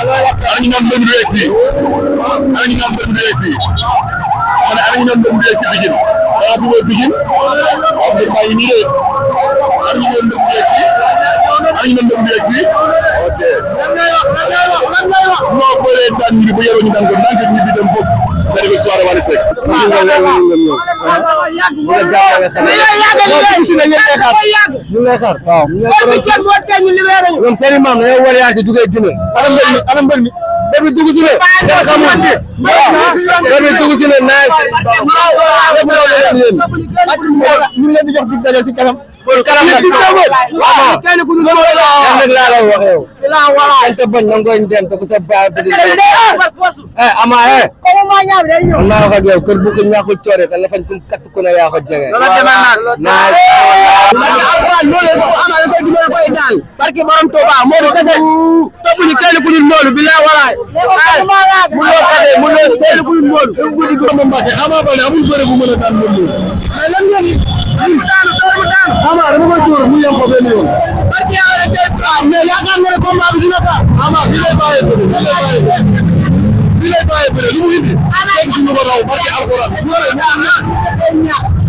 ana ñu naan doomu réew fii ana ñu naan doomu réew fii ma ne ana ñu naan doomu réew si Pikine xanaa fi mooy Pikine waaw mbir maa ngi nii de ana ñu naan doomu réew fii ana ñu naan doomu réew fii ok. lan ngay wax lan ngay wax lan ngay wax. moo bëree daan ñu bu yaroo ñu daan ko ndànk ñu bi dem foofu. délégué soirée Wally Seck. waaw waaw waaw bu la jàppale xale yi. ñu lay xaar waaw. ñoom seen i maam dañoo voyagé jugee Guinée. alam mbër mi alam mbër mi. mbër mi dugg si ne. kenn xamul mbër mi dugg si ne naaj. ñu leen di jox dig daje si kanam. kanam nag waaw. kenn ku dul la waxee yow. la wala ente bañ na ngoñ dem te ku sa baay bi eh ama eh ko kër eh. bu ko ñaaxul coore te la fañ kum kat ku ne jege loolu demal na loolu ko amal ko di ma koy daan barki borom Touba moo walaay mu lo kase mu lo seel ku dul loolu guddi ko mo mbake ama ba amul bëre bu mën a daan tour mu yem ko benn yoon. parce que yàlla def ah mais yaakaar nga ne combat bi dina tax. ama fi lay bàyyee bëri fi lay bàyyee bëri. fi lay bàyyee bëri lu mu indi. am na solo kenn duñu ko raw barke alxuraan. loolu ñaar ñaar